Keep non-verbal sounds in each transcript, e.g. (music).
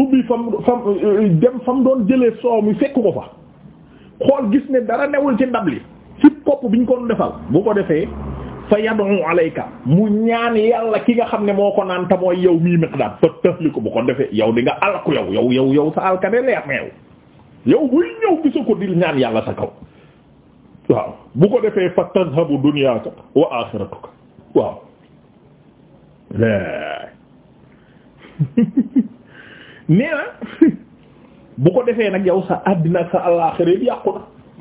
ubbi fam fam dem fam doon jëlee soow mi fekk ko fa xool gis ne dara newul ci ndab li ci kopp biñ ko defal bu ko defee fa yadu alayka mu ñaan yàlla ki nga xam ne moo ko naan te mooy yow mii Miqdaad fa tëxli ko bu ko defee yow di nga alku yow yow yow yow sa alkade leer na yow yow ñëw gisa ko di ñaan yàlla sa kaw waaw bu ko defee fa tadhabu dunyaaka wa axiratuka waaw (laughs) nee na ah, (laughs) bu ko defee nag yow sa àddina sa alaaxira yëpp yàqu na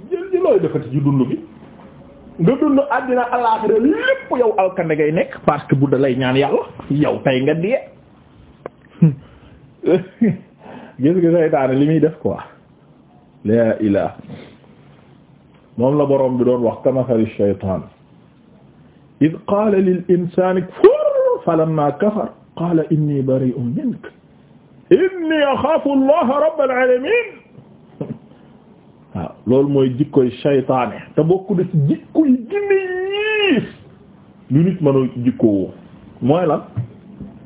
jël ji looy defati ci dund bi nga dund àddina alaaxira lépp yow alkande nekk parce que bu da ñaan yàlla yow tay nga dee (laughs) gis nga saytaane li muy def quoi laa ilaa moom la boroom bi doon waxta kamasali shaytaan id qaala lil insaani kfur falammaa kafara qaala innii bari'un minka inni axaafu allaha rabbal alamin waaw loolu mooy jikkoy saytaane te bokku def jikkoy gine yiis lu nit mën a jikkoo mooy lan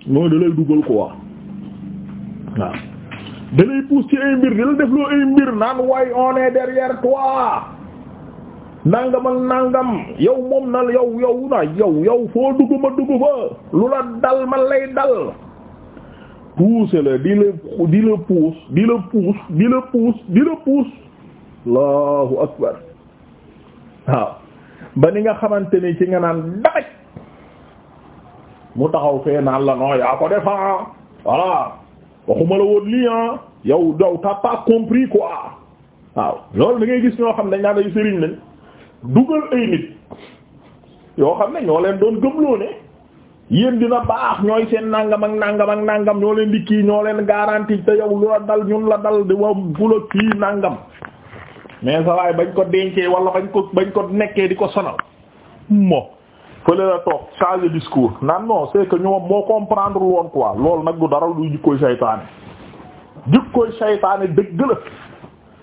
mooy da lay dugal ko waa waaw da lay pousse ci ay mbir di la def loo ay mbir naan waay on est derrière toi nangam ak yow moom na yow yow na yow yow foo dugg ma dugg fa lu la dal man lay dal pousser la di la di la di la pousse di la pousse di la pousse allahu akbar ba ni nga xamante ni ci nga naan dabaj mu taxaw fee naan la non yaa ko defaa ah. voilà waxuma la woon lii ah yow daw t'as pas compris quoi waaw loolu da ngay gis ñoo xam ne dañ naan ay sëriñ lañ dugal ay nit yoo xam ne ñoo leen doon gëmloo ne yéen dina baax ñooy seen nangam ak nangam ak nangam ñoo leen di kii ñoo leen garanti te yow lu la dal ñun la dal di wa bula kii nangam mais sa waay bañ ko dencee wala bañ ko bañ ko nekkee di ko sonal mo fële la toog changer discours nan non c'est que ñoom moo comprendre woon quoi loolu nag du dara lu jikkoy saytaane jikkoy saytaane dëgg la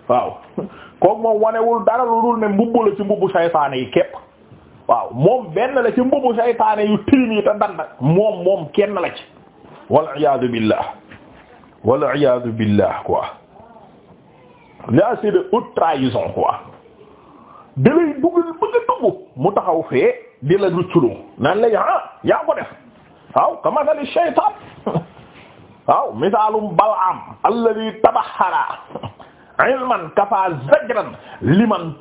waaw (laughs) kooku moom wanewul dara lu dul ne mbubb la ci mbubbu saytaane yi kepp waaw moom benn la ci mbubu saytaane yu tilim yi te moom moom kenn la ci wal iyaadu billah wal iyaadu billah quoi là c'est de haute trahison quoi da lay duggal bëgg a dugg mu taxaw di la rucculoo naan lay ah yaa ko def waaw kamasali shaytaan (laughs) waaw misaalum Balaam alladhi tabaxara ilman kafa zajran liman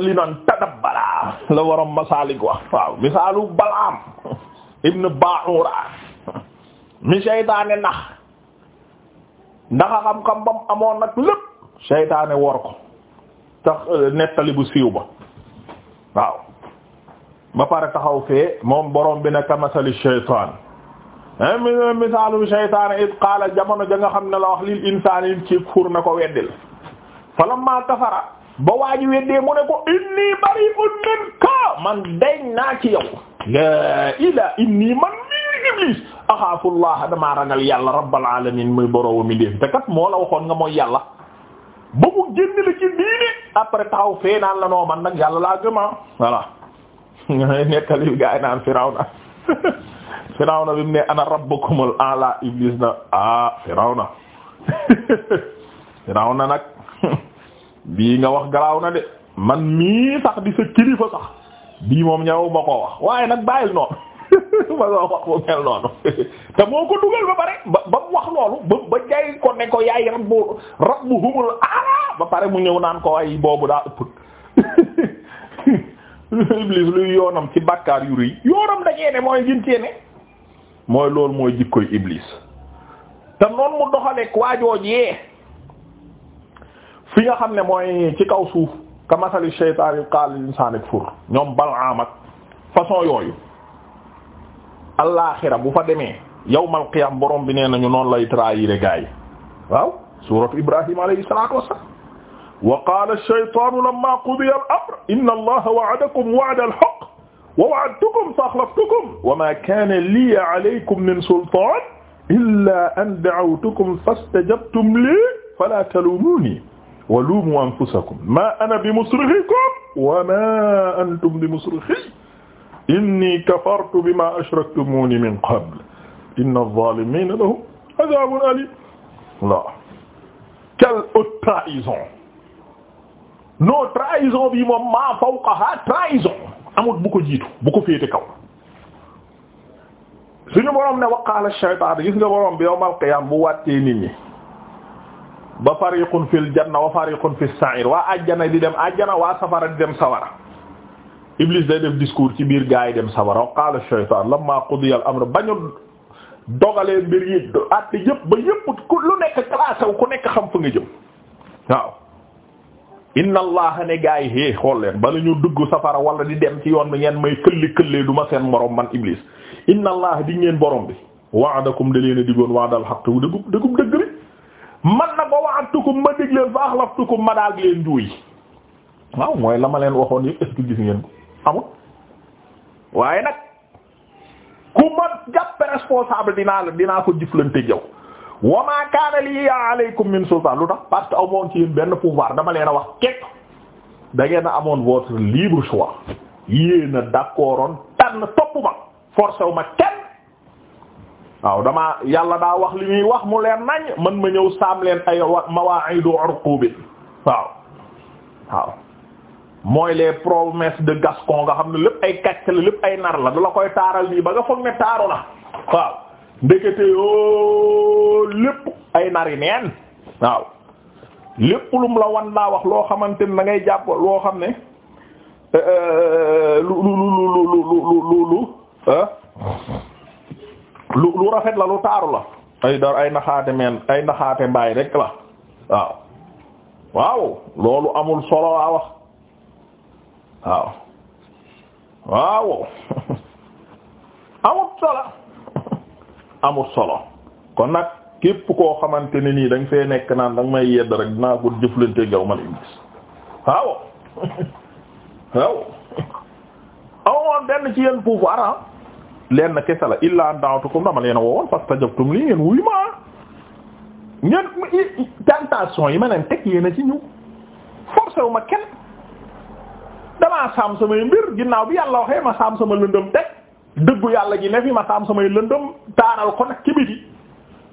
li naan tadabbara la waroon masaalik wax waaw misaalu balaam ibn baaxura mi seytaane nax ndax xam-xam bam amoon nag lépp seytaane wor ko tax euh, nettali bu siiw ba waaw ba pare taxaw fee moom borom bi ne kamasali shaytaan eh, misaalum shaytaan it qaala jamono ja nga xam ne la wax lil insaani ci fur na ko weddil falamma kafara ba waa weddee mu ne ko inni bari'un minka man deñ naa ci yow la ila inni man mii iblis axaafullah damaa ragal yàlla rabbal alamin muy boroom mi def te moo la waxoon nga mooy yàlla ba mu génn la ci diine après taxaw fee la noo nag yàlla laa gëmaa ah. voilà (laughs) nettali gaay naan Firawna (laughs) Firawna bi mu ana rabbukumul a'la iblis na ah Firawna (laughs) Firawna nag bii nga wax garaaw na de man mii sax di sa kilifa sax bii moom ñaw koo wax waaye nag bàyyil noonu (laughs) ma nga wax bu mel noonu (laughs) te moo ko dugal ba pare ba ba mu wax loolu ba ba jaay ko ne ko yaay rabbu rabbu humul ala ba pare mu ñëw naan ko ay boobu daa ëpp (laughs) iblis luy yoonam ci bàkkaar yu rëy yoonam dajee ne mooy gintee ne mooy loolu mooy jikkoy iblis te noonu mu doxaleek waajoojee fi nga xam ne mooy ci kaw suuf ka masali shaytaan yu qaala lil insaani kfur ñoom Balaam ak façon yooyu alaaxira bu fa demee yawmal qiyaam borom bi nee nañu noonu lay trahir gaa yi waaw suuratu Ibrahim alayhi salaatu wassalaam wa qaala shaytaanu lammaa qudiya al-amr inna allaha wa'adakum wa'da al-haqq wa wa'adtukum fa akhlaftukum wa maa kaana liya alaykum min sultaan illaa an da'awtukum fastajabtum lii falaa taluumuunii wa luumu anfusakum ma ana bi musrikhikum wa ma inni kafartu bima ashraktumuni min qabl inna adh la quelle haute trahison non trahison bi moom maa fawqaha trahison amut bu ko jiitu bu ko féete kaw suñu borom ne waqaala ash-shaytaan gis nga borom bi ba fariqun fil janna wa fariqun fis sa'ir waa ajjana di dem ajjana waa safara di dem sawara Iblis day def discours ci biir gaa yi dem sawara wa qaala a shaytaan lamma qudiya al-amr bañu dogalee mbir yi àtte yëpp ba yëpp ku lu nekk classé wu ku nekk xam fa nga jëm waaw inna allaha ne gaa yi hee eh, xool leen bala ñu dugg safara wala di dem ci yoon bi ngeen may këlli këllee du ma seen moroom man Iblis inna allaha di ngeen borom bi wa'adakum da leen a digoon wa'dal haqq wu dëggub dëggub dëgg man nag ba wa'adtukum ma dig leen fa akhlaftukum ma daal di leen waaw mooy la ma leen waxoon yëpp est ce amut waaye nag ku ma jàppe responsable dinaa la dinaa ko jëflante jaw wa maa kaana li alaykum min sultaan lu tax parce que amoon ci yéen benn pouvoir dama leen a wax képp da ngeen a amoon votre libre choix yéen a d'accordoon tànn topp kenn waaw damaa yàlla daa wax li muy wax mu leen nañ man ma ñëw saam leen ay mawaa'idu urqubi waaw waaw mooy les promesses de Gascon nga xam ne lépp ay kàcc la lépp ay nar la da la koy taaral nii ba nga foog ne taaru na waaw ndekete yoo lépp ay nari neen waaw lépp lum la wan laa wax loo xamante ni da ngay jàpp loo xam ne lu lu lu lu lu lu lu lu rafet la lu taaru la ay dara ay naxaate men ay naxaate mbaay rek la waaw waaw loolu amul solo waa waaw waaw (laughs) amul solo (laughs) amul solo kon nag képp koo xamante ni nii danga fee nekk naan danga may yedd rek dinaa ko jëflante gaw man iblis waaw (laughs) waaw amoon benn ci yenn pouvoir ah? lenn kese la illaa an da'awtukum dama leen a woowoon fastajabtum lii ngeen wuyu ma ngeen tentation yi ma leen teg yéen a ci ñu forcé kenn damaa saam samay mbir ginnaaw bi yàlla waxee ma saam sama lëndëm teg dëggu yàlla ji ne fi ma saam samay lëndëm taaral ko nag ci biti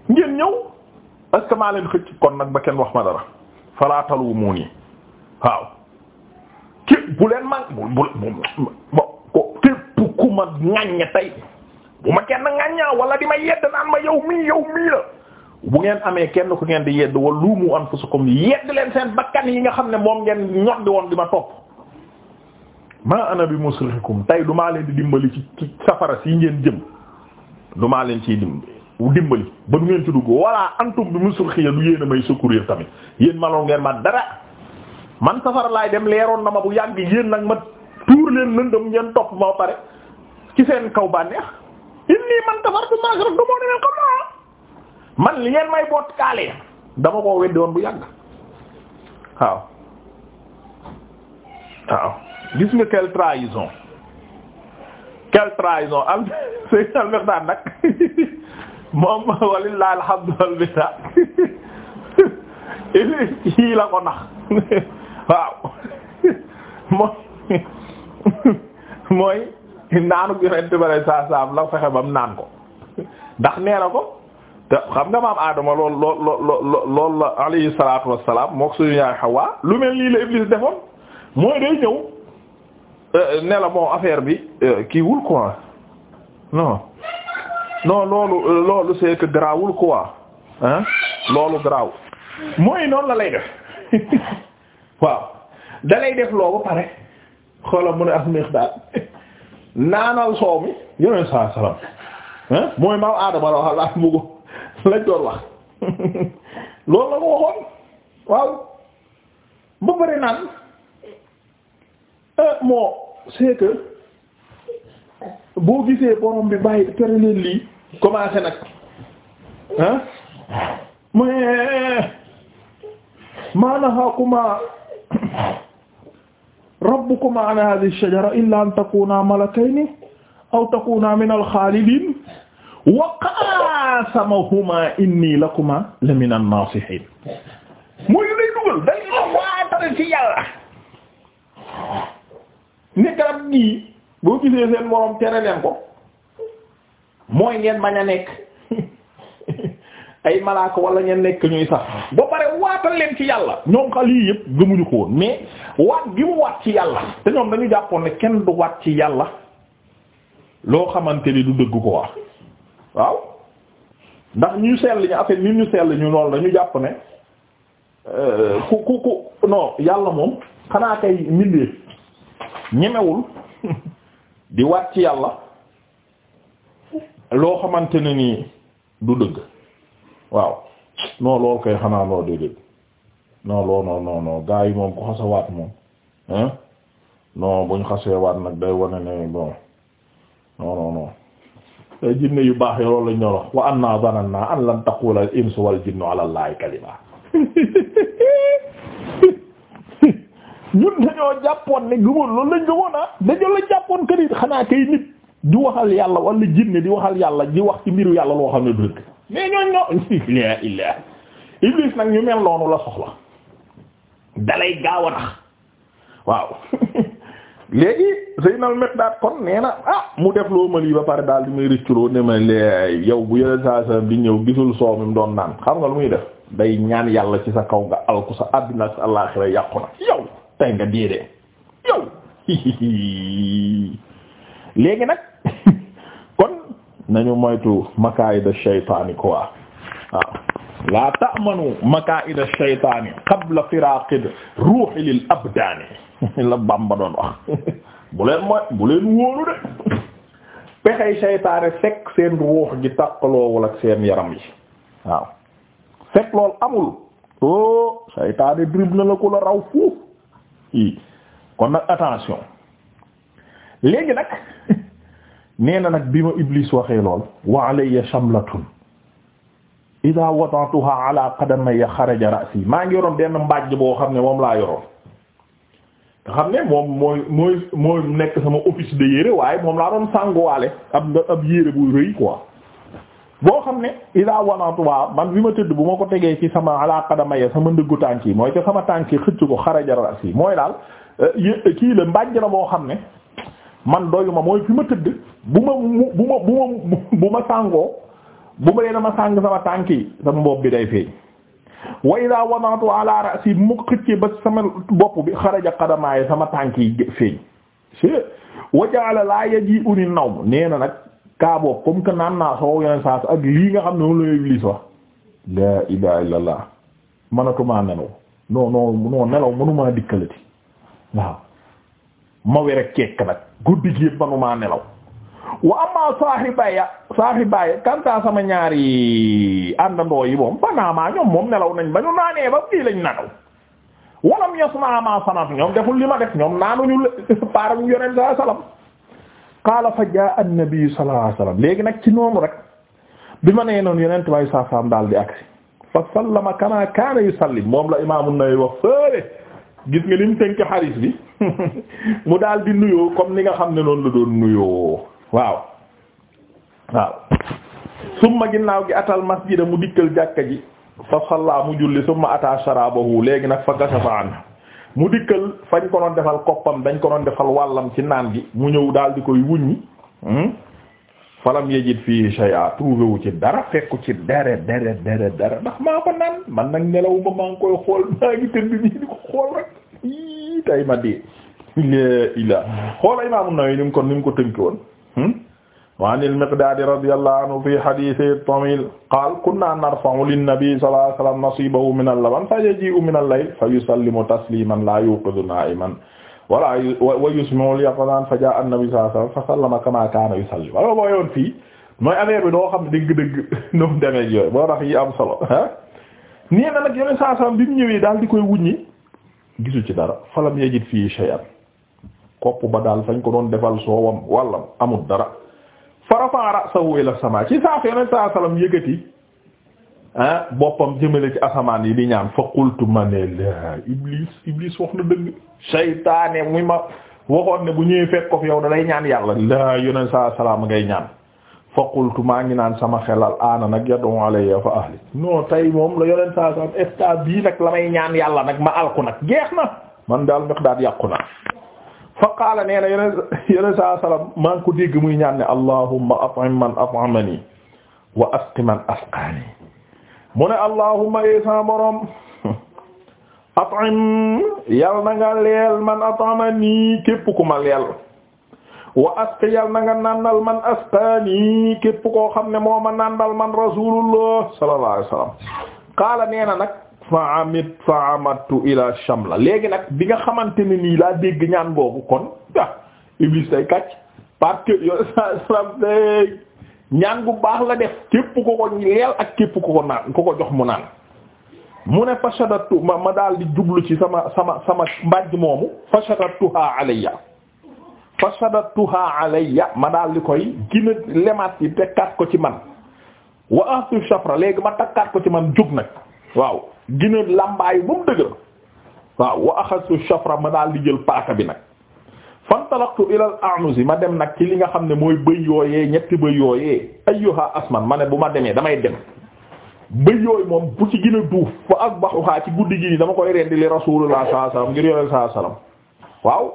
ngeen ñëw est-ce que maa leen xëcc kon nag ba kenn wax ma dara falaa taluumuuni waaw ki bu leen man bu bu ma ŋaññe tey bu ma kenn ŋaññaa wala di ma yedd naan ma yow mii yow mii la bu ngeen amee kenn ku ngeen di yedd wala luumu anfusakum yedd leen seen bakkan yi nga xam ne moom ngeen ñor di woon di ma topp ma ana bi musrixikum tey du maa leen di dimbali ci safara sii ngeen jëm du maa leen ciy dimbali dimbali ba du ngeen ci dugg wala antum bi musrixiya du yéen a may secourir tamit yéen manoon ngeen ma dara man safara laay dem leeroon na ma bu yàgg yéen nag ma tuur leen lëndëm ngeen topp ma pare ci seen kaw bànneex inni man kafartu maa man li ngeen may boot kaale dama koo weddi woon bu yàgg waaw waaw gis nga quelle trahison quelle trahison am (laughs) sëñ Al-Miqdad nag (laughs) moom walillahi alhamdu wal minna ci (laughs) la ko naanu yonent ba lay saa saam la fexe bam naan ko ndax nee na ko te xam nga maam Adama lool lool lool la alayhi salaatu wassalaam mook suñu yaay Hawa lu mel nii la Iblis defoon mooy day ñëw euh, ne la bon affaire bi euh, kii wul non loolu euh, loolu c'est que garaawul quoi hein loolu garaaw mooy noonu la lay def (laughs) waaw da def loo pare xoolal mu ne am neex daal. (laughs) naanal soow mi yeneen saa salaam mooy maam aadama la wax laa mu ko lañ doon wax (laughs) loolu la ko waxoon waaw ba bari naan eh, moo c'est que boo gisee borom bi bàyyi tere leen lii commencé nag ah mais maanaam rabbukuma an hadhihi ash-shajara illa an takuna malakayni aw takuna min al wa qasamahuma inni lakuma la min an-nasihin mooy lay dugal day la waatal ci yàlla ne garab gii boo gisee seen borom tere leen ko mooy ngeen bañ nekk (laughs) ay malaaka wala ngeen nekk ñuy sax ba pare waatal leen ci yàlla ñoom xal yii yëpp gëmuñu ko woon mais waat gi mu waat ci yàlla te ñoom dañu jàppoon ne kenn du waat ci yàlla loo xamante ni du dëgg ko wax waaw ndax ñu sell ñu affaire nit ñu sell ñu loolu dañu jàpp ne euh, ku ku ku non yàlla moom xanaa kay mindee ñemewul (laughs) di waat ci yàlla loo xamante ni nii du dëgg waaw non loolu kay xanaa loolu day dëgg non non non non non gaa yi moom ku xasa buñ xasee waat nag day yu baax yoloolu lañ wa anna jàppoon ne gëmoon loolu lañ gëmoon ah dañoo la jàppoon que xanaa kay nit di waxal yàlla wala jinne di waxal yàlla di wax ci mbiru yàlla loo xam ne du (laughs) la soxla dalay gaaw a waaw (laughs) léegi Seydina al-Miqdaad kon nee ah mu def loo mali ba pare daal di may rëcculoo ne ma leey yow bu yeneen saa saa di ñëw gisul soow mi mu doon naan xam nga lu muy def day ñaan yàlla ci sa kaw nga alku sa àddina ak sa àllaaxira yàqu na yow tey nga déedee yow (laughs) léegi nag (laughs) kon nañu moytu makaayida shaytaani quoi waaw laa ta'manu makaa'ida ash-shaytaani qabla firaaqid ruuhi lil abdaani (laughs) la Bamba doon wax (laughs) bu leen mooy bu leen wóolu de (laughs) pexey seytaane fekk seen ruux gi tàqaloowul ak seen yaram yi waaw fekk loolu amul oh seytaane drib na la ko la raw fuuf i kon nag attention léegi nag nee na nag bi ma Iblis waxee lool wa alayya shamlatun ida wada'tuha ala qadamayya xaraja ra'si maa ngi yoroon benn mbàjj boo xam ne moom laa yoroon nga xam ne moom mooy mooy mooy nekk sama office de yére waaye moom laa doon sànguwaale ab ab yére bu rëy quoi boo xam ne ida wada'tuha man bi ma tëdd bu ma ko tegee ci sama ala qadamayya sama ndëggu tànk yi mooy ca sama tànk yi xëcc ko xaraja ra'si mooy daal eh, kii la mbàjj la boo xam ne man doyuma mooy fi ma tëdd bu ma bu ma bu ma bu ma sàngoo bu ma dee dama sàng sama tànk yi sama bopp bi day feeñ wa idaa wadaatu ala ra'si mu xëccee ba sama bopp bi xaraja qadamaaya sama tànk yi feeñ wa ja'ala laa yaji'uni nawm nee na nag kaa boobu comme naan naa soo yeneen saa ak lii nga xam ne moom la Iblis wax laa ilaaha illallaah mënatumaa nelaw non non non nelaw mënumaa dikkalati waaw ma wér ak kekk nag guddi gi mënumaa nelaw wa amma saaxibaya saaxibaya kanta sama ñaari àndandoo yi moom fanaamaa ñoom moom nelaw nañ ba ñu naanee ba fii lañ nanaw walam yasmaa ma sanat ñoom deful li ma def ñoom naanuñu ñu yonent sallallahu alayhi wasallam qaala fa jaa an-nabi sallallahu léegi nag ci noonu rek ma nee noonu yonent way saa saam daal di agsi fa sallama kama moom la imaam an-Nawawi wax fële gis nga lim tënk xaris bi (laughs) mu daal di nuyoo comme ni nga xam ne noonu la doon nuyoo waaw waaw summa ginnaaw gi atal masjida mu dikkal jàkka ji fa salla mu julli summa ata sharabahu léegi nag fa kashafa an mu dikkal fañ ko defal koppam dañ ko doon defal wàllam ci naan gi mu ñëw daal di koy wuññi hmm? falam yajid fii shay'a trouvé wu ci dara fekku ci dere dere dere dara ndax maa ko naan man nag nelaw ba maa ngi koy xool maa ngi tëdd nii di ko xool rek tay ma dee la (laughs) ila xoola Imam ni ko ni mu ko tënki woon Hmm? wa an al-Miqdaad radiyallahu anhu fi hadiisi at-Tamiil qaala kunnaa narfa'u lin-nabiyyi sallallahu alayhi wa sallam nasiibahu mina al-laban fayajii'u mina al-layl fayusallimu tasliiman laa yuuqizu naa'iman wala wa yusmi'u al-yaqzaan fajaa'a an-nabiyyu sallallahu alayhi wa sallam fasallama kamaa kaana yusallimu wala boo yoon fii mooy affaire bi doo xam dëgg-dëgg (laughs) nu mu demee yooyu boo tax yi am solo ah. nee na nag yeneen saa salaam bi mu ñëwee daal di koy wuññi gisu ci dara falam yajid fii shay'an kopp ba daal fañ ko doon defal soowam walla amul dara fa sa ra'sahu ila sama ci saa fee nag saa salaam yëkkati ah, boppam jëmale ci asamaan yi di ñaan fa qultu ma ne la Iblis Iblis wax na dëgg saytaane muy ma waxoon ne bu ñëwee fekk ko fi yow da lay ñaan yàlla laa yoneen saa salaam ngay ñaan fa qultu maa ngi naan sama xelal aana nag yad'u alayya fa ahli non tey moom la yoneen saa salaam état bii nag la may ñaan yàlla nag ma alku nag geex na daal yàqu na. fa qaala nee na yeneen yeneen saa salaam maa ngi ko dégg muy ñaan ne allahumma at'im man at'amani wa asqi man asqaani mu ne allahumma eesan borom at'im yal na nga leel man at'amani képp ku ma leel wa asqi yal na nga nàndal man asqaani képp koo xam ne moo ma nàndal man rasulullah sallallahu alayhi wasallam qaala nee na nag fa amit fa amattu ila shamla léegi nag bi nga xamante ne nii laa dégg ñaan boobu kon ah iblis tay kàcc parce que yo salam day ñaan bu baax la def képp ko ko leel ak képp ko ko naan ko ko jox mu naan mu ne fashadatu ma ma daal di jublu ci sama sama sama mbàjj moomu fashadatuha alayya fashadatuha alayya ma daal di koy gina lemaat yi tekkaat ko ci man wa ahtu léegi ma takkaat ko ci man jub nag waaw gën a lambaayu ba mu dëgër waaw wa axasu ma daal di jël paaka bi nag fantalaqtu ila al a'nuzi ma dem nag ci li nga xam ne mooy bëy yooyee ñetti bëy yooyee ayyuha asman ma ne bu ma demee damay dem bëy yooyu moom bu ci gën a duuf fa asbahuha ci guddi gi dama koy rendi li rasulullah sallallahu alayhi wasallam ngir yoneen sallallahu alayhi wasallam waaw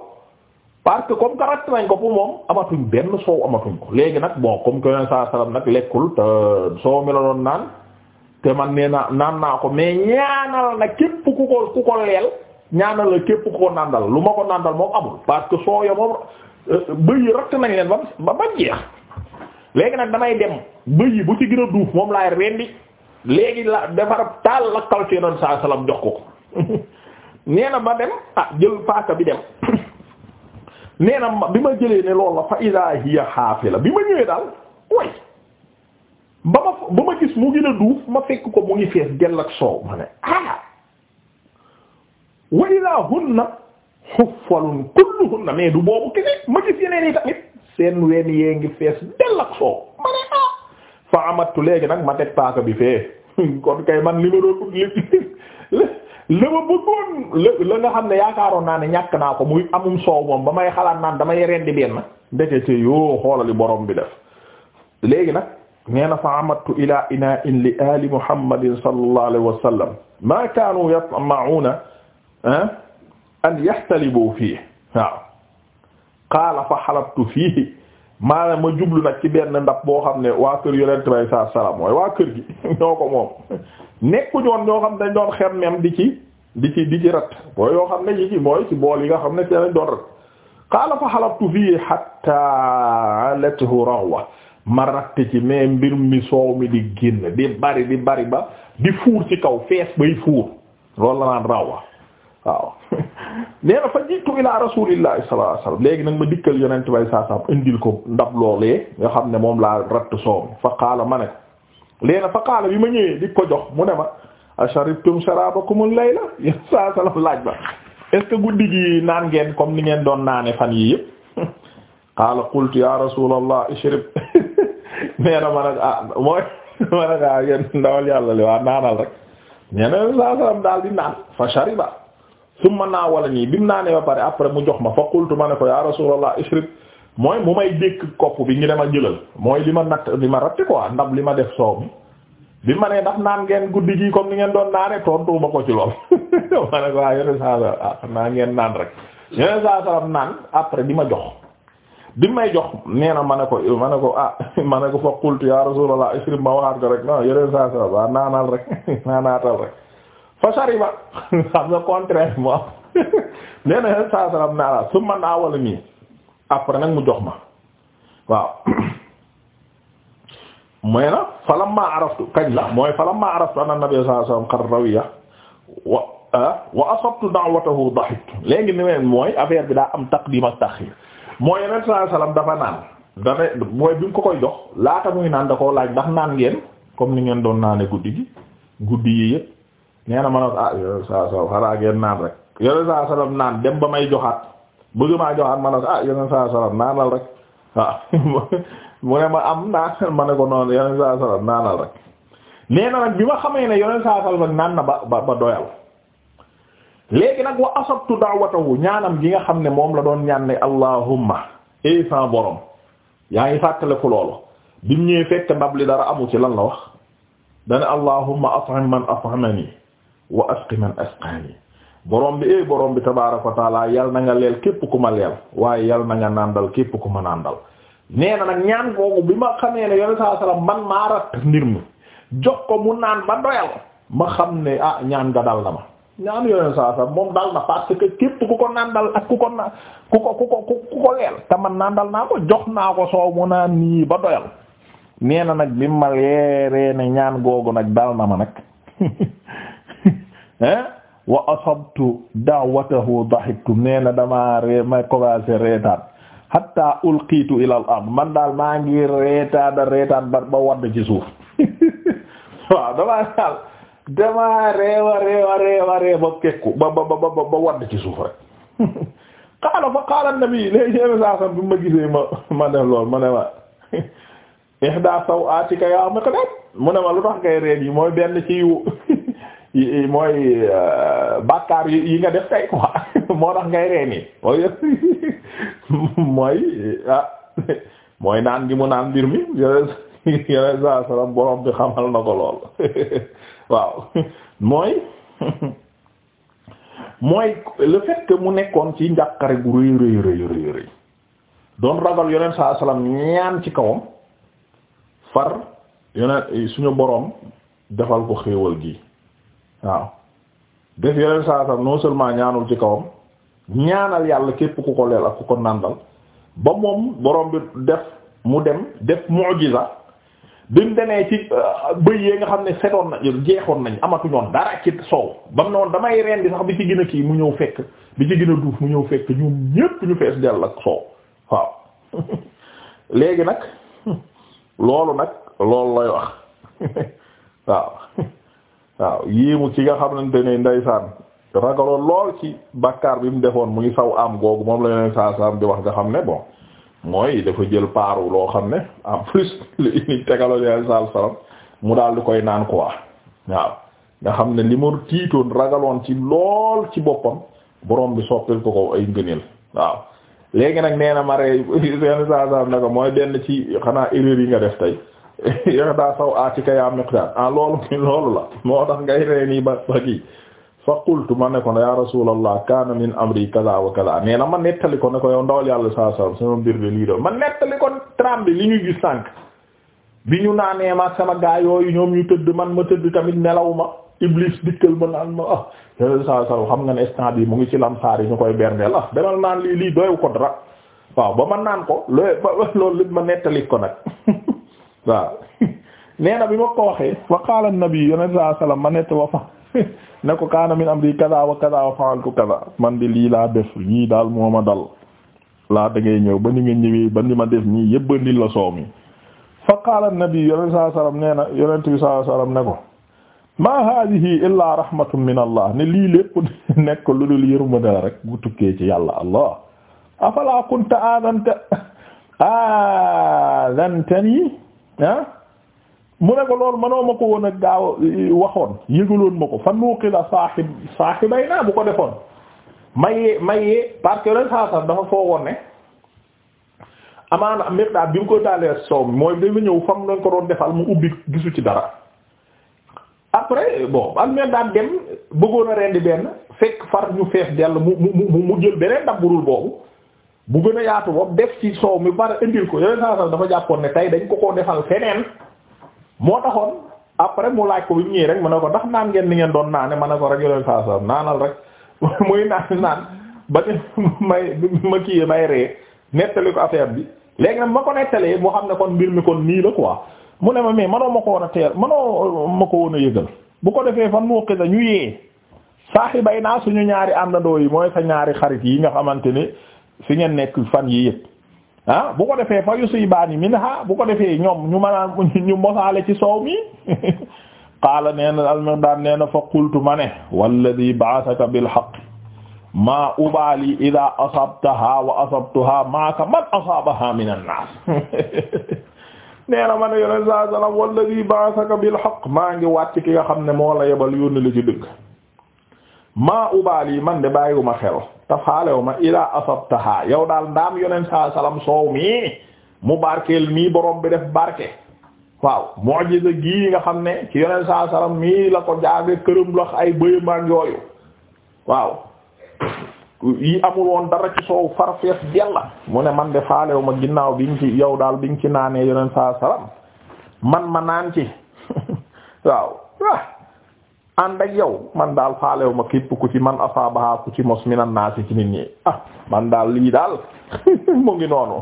parce que comme que ratt nañ ko pour moom amatuñ benn soow amatuñ ko léegi nag bon comme que yoneen sallallahu alayhi wasallam nag lekkul te soow mi la doon te man nee na naan naa ko mais ñaanal na képp ku ko ku ko leel ñaanal la képp ku ko nàndal lu ma ko nàndal moom amul parce que soow ya moom euh, bëy yi ratt nañ leen ba ba jeex léegi nag damay dem bëy yi bu ci gën a duuf moom laay rendi léegi la defar taal la ci yonent saa salaam jox ko ko (laughs) nee na ma dem ah jël paaka bi dem (coughs) nee na bi ma jëlee ne loolu la fa idaa hiya haafila bi ma ñëwee daal way ba ma ba ma gis mu gën a duuf ma fekk ko mu ngi fees dell ak soow ma ne ah wa idaa hunna xuffalun kulluhunna mais du boobu kese ma gis yeneen yi tamit seen ween yee ngi fees dell ak soow ma ne ah fa amattu léegi nag ma teg paaka bi fee (laughs) kon kay man li ma doon la la nga xam ne yaakaaroon naa ne ñàkk naa ko muy amum soow moom ba may xalaat naan damay rendi benn ndekete yoo xoolali borom bi def léegi nag nee na fa amadtu ila inaa'in li ali muhammadin sallallahu alayhi wa sallam ma kaanu yatma'una ah, an yahtalibu fiihi waaw qaala fa xalabtu fiihi maanaam ma jublu nag ci benn ndab boo xam ne waa kër yonent bay saa salaam mooy waa kër gi (laughs) ko moom nekku ñoon ñoo xam dañ doon xem mem di ci di ci di ci rat mooy yoo xam ne yi ci mooy ci bool yi nga xam ne ci lañ doon rat qaala fa xalabtu fiihi raghwa ma ratt ci mais mbir mi soow mi di génn di bari di bari ba di fuur ci kaw fees bay fuur loolu la naan raw waaw (laughs) nee fa jiitu ila rasulillahi sallallahu léegi nag ma dikkal yonent bay saa saam indil ko ndab loolee nga xam ne moom laa ratt soow mi fa qaala ma ne ko leena fa qaala bi ma ñëwee di ko jox mu ne ma asharibtum sharabakumul layla (laughs) yéen saa salaam laaj ba est guddi gi naan ngeen comme ni ngeen doon naane fan yii yëpp (laughs) qaala qultu ya rasulallah nee na man ak ah mooy man ak ah yéen ndawal yàlla li waa naanal rek nee na saa salaam daal di naan fa shariba summa naa wala nii bi mu naanee ba pare après mu jox ma fa qultu ma ne ko ya rasulullah ishrib mooy mu may dékk kopp bi ngi dem a jëlal mooy li ma natt li ma ratti quoi ndab li ma def soow mi bi ma nee ndax naan ngeen guddi gi comme li ngeen doon naane tontu ma ko ci lool (laughs) ma ne ko waa ah ngeen naan rek yéen saa salaam naan après di ma jox. bi may jox nee na ma ne ko ma ne ko ah (laughs) ko fa qultu ya rasulullah ishrib ma waxaat ko rek non yeneen saa saa ba naanal rek (laughs) naanaatal rek fa shariba (laughs) xam nga contraire mo am nee na yeneen saa saa naanal su mu jox ma waaw. (clears throat) mooy na falamma araftu kañ la mooy falamma araftu anna nabiyya sallallahu alayhi wasallam qad rawiya wa ah, wa asabtu da'watahu dahiktu léegi ni mooy affaire bi daa am taqdim ak moo yeneen saa salaam dafa naan dafa mooy bi mu ko koy jox laata muy naan da koo laaj ndax naan ngeen comme ni ngeen doon naane guddi gi guddi yi yëpp nee na ma ne ah ba may joxaat bëgg maa joxaat ma ne ah yeneen saa salaam naanal rek waaw ah, (laughs) mu ne ma am naanal ma ne ko noonu yeneen saa salaam naanal rek nee nag bi ma xamee ne yeneen saa salaam naan na ba ba doyal. léegi nag wa asabtu da'watahu ñaanam gi nga xam ne moom la doon ñaan ne allahumma esan borom yaa ngi fàttaliku loolu bi ñëwee fekk ndab li dara amu ci lan la wax dana allahumma at'im man at'amani wa asqi man asqani borom bi eey borom bi tabaaraka wa taala yal na nga leel képp ku ma leel waaye yal na nga nàndal képp ku ma nàndal nee na nag ñaan googu bi ma xamee ne yonent saa salaam man maa ratt mbir mi jox ko mu naan ba doyal ma xam ne ah ñaan nga ma ñaanu yoneen saa saa moom dal na parce que ku ko nandal ak ku ko ku ko ku ko ku ko leel te man nandal naa jox naa ko soow mu naan nii ba doyal nee na nag bi ma leeree ne ñaan googu nag dal na ma nag (laughs) hein wa asabtu da'watahu dahiktu nee na damaa ma commencé reetaan hatta ulqitu ila ard man daal maa ngi reetaan ba ba wadd suuf (laughs) waaw damaa daal damaa reewa reewa reewa reewa ba kekku ba ba ba ba wadd ci suuf rek xaala (laughs) fa xaala nabi léegi yéen saa sam bi ma gisee ma ma def lool ma ne ma (laughs) ihda sawatika yaa Miqdad mu ne ma lu tax ngay reen yi mooy benn ci yu (laughs) mooy euh, bàkkaar yi nga def tey quoi moo tax ngay reen yi mooy ah mooy naan gi mu naan mbir mi yéen yéen saa salaam borom bi xamal na ko lool. waaw (laughs) mooy (laughs) mooy le fait mu nekkoon ci njàqare gu rëy rëy rëy rëy rëy doon ragal yonent saa salaam ñaan ci kawam far yonent suñu boroom defal ko xéewal gi waaw def yonent saa salaam non seulement ñaanul ci kawam ñaanal yàlla képp ku ko leel ak ku ko nàndal ba moom boroom bi def mu dem def mu'jiza bi mu demee ci euh, bëy yee nga xam ne setoon na jeexoon nañ amatuñoon dara ci soow ba mu ne woon damay reen bi sax bi ci gën a kii mu ñëw fekk bi ci gën a duuf mu ñëw fekk ñu ñépp ñu fees dell ak soow waaw (laughs) léegi nag loolu nag loolu lay wax (laughs) waaw (laughs) waaw yéemu ci nga xamante ne ndeysaan ragaloon lool ci bàkkaar bi mu defoon muy saw am googu moom la yeneen saa saam bi wax nga xam ne bon mooy dafa jël paaru loo xam ne en plus lu (laughs) indi tegaloon saal salam mu daal di koy naan quoi waaw nga xam ne li mu tiitoon ragaloon ci lool ci boppam borom bi soppil ko ko ay ngëneel waaw léegi nag nee na ma rey seen saal na ko mooy benn ci xanaa erreur yi nga def tey (laughs) yaa daa saw aati ka yaa miqdaar ah loolu (laughs) loolu la moo tax ngay rey nii ba ba kii. fa qultu ma ne ko ne ya rasulallah kaana min amri kaza wa kaza nee na ma nettali ko ne ko yow ndawal yàlla saa saa sama mbir de lii doon ma nettali ko tram bi li ñuy gis sànq bi ñu naanee ma sama gaa yooyu ñoom ñu tëdd man ma tëdd tamit nelaw ma iblis dikkal ma naan ma ah yàlla saa saa xam nga ne instant mu ngi ci lamsaar yi ñu koy berndeel ah demal naan lii lii doyul ko dara waaw ba ma naan ko looy loolu lépp ma nettali ko nag (laughs) waaw (laughs) nee bi ma ko waxee fa qaala an-nabi sallallahu ma nett wa (laughs) ne ko kaana min amri kaza wa kaza wa fa'altu kaza man di lii laa def lii daal moo ma dal laata ngay ñëw ba ni nga ñëwee ba ni ma def nii yëbbandil la soow mi fa qaala nabi yonent saa sallam nee na yonent bi saa sallam ne ko maa hadihi illaa rahmatun min allah ne lii lépp (laughs) nekk lu dul yërmande la rek bu tukkee ci yàlla allah afala kunta aadanta (laughs) aadantani ah mu ne ko loolu mënoo ma ko woon a gaaw waxoon yëgaloon ma ko fa nuuqi la saaxib saaxibay naa bu ko defoon mayee mayee parce que leen saa sax dafa foogoon ne bi mu ko daalee soow mi mooy dafa ñëw fam lañ ko doon defal mu ubbi gisu ci dara après bon al bëggoon a rendi benn fekk far ñu fees dell mu mu mu jël beneen dabburul boobu bu gën yaatu boobu def ci soow mi bara indil ko yooyu saa dafa jàppoon ne tey dañ ko koo defal feneen moo taxoon après mu laaj ko bi mu rek mu ne ko ndax naan ngeen ni ngeen doon naane man a ko rek yoneen saa saa naanal rek (laughs) muy naan naan ba ni may ma kii may ree nettali ko affaire bi léegi nag ma ko nettalee mu xam ne kon mbir mi kon nii la ko quoi mu ne ma mais manoo ma ko woon a teel manoo ma ko woon a yëgal bu ko defee fan mu xisa ñu yee saaxi bay naa suñu ñaari àndandoo yi mooy sa ñaari xarit yi nga xamante ni fi ngeen nekk fan yi yëpp ah bu ko defee fa yusibaani minha bu ko defee ñoom ñu manaan ñu mosaale ci soow mi (laughs) qaala nee na al fa qultu ma ne walladhi ba'athaka bil haqq maa ubaali idha asabtaha wa asabtuha maaka man asabaha min an-naas (laughs) ma ne yoneen saa sallam walladhi ba'athaka bil haqq maa ngi wàcc ki nga xam ne moo la yebal yónni la ci dëgg maa ubaali man de bàyyiwuma xel te faalewuma ilaa asabtaha yow daal ndaam yonent saa soow mii mu barkeel mii borom bi def barke waaw mu'jiza gii nga xam ne ci yonent saa mii la ko jaage këram lax ay bëyam ak yooyu waaw yi amul woon dara ci soow far fees jella mu ne man de faalewuma ginnaaw bi nga yow daal bi naane ci naanee man ma naan ci (laughs) waaw ah. ànd ak yow man daal faalew ma képp ku ci man asaabaha ku ci mos minan naasi ci nit ñi ah man daal lii daal (laughs) mu ngi noonu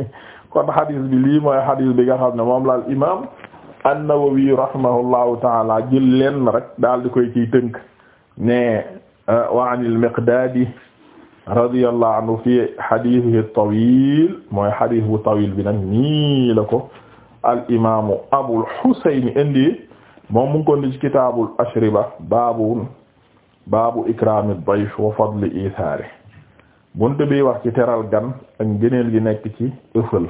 (laughs) kon hadis bi lii mooy hadis bi nga xam ne moom laal imam an-Nawawi rahimahullahu taala jël leen rek daal di koy ciy tënk ne eh, wa anil Miqdaadi radiyallahu anhu fi hadithihi at-tawil mooy hadith bu tawil bi nag nii la ko al imamu Abul Husayn indi moom mu ngi ko ndi kitaabul ashriba baabu baabu ikraami dayf wa fadli isaari bunt bi wax ci teral gan ak ngëneel gi nekk ci ëffal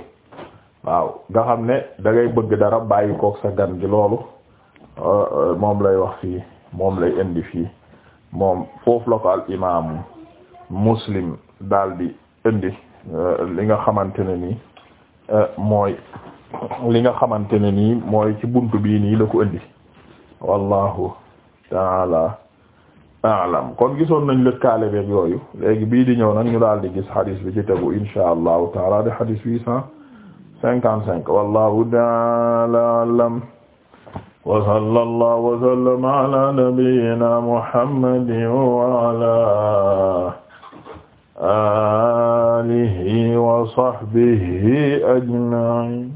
waaw nga xam ne dangay bëgg dara bàyyi kook sa gan gi loolu euh, moom lay wax fii moom lay indi fii moom foofu la ko al imaamu muslim daal di indi euh, li nga xamante ne nii euh, mooy li nga xamante ne nii mooy ci bunt bii nii la ko indi wallahu taala a'lam kon gisoon nañ lëkkaale beeg yooyu léegi bii di ñëw nag ñu daal di gis hadis bi ci tegu insha allahu taala di hadis huit cent cinquante cinq wallahu taala a'lam wa sallallahu wa sallama ala nabiyyina muhammadin wa ala alihi wa sahbihi ajma'in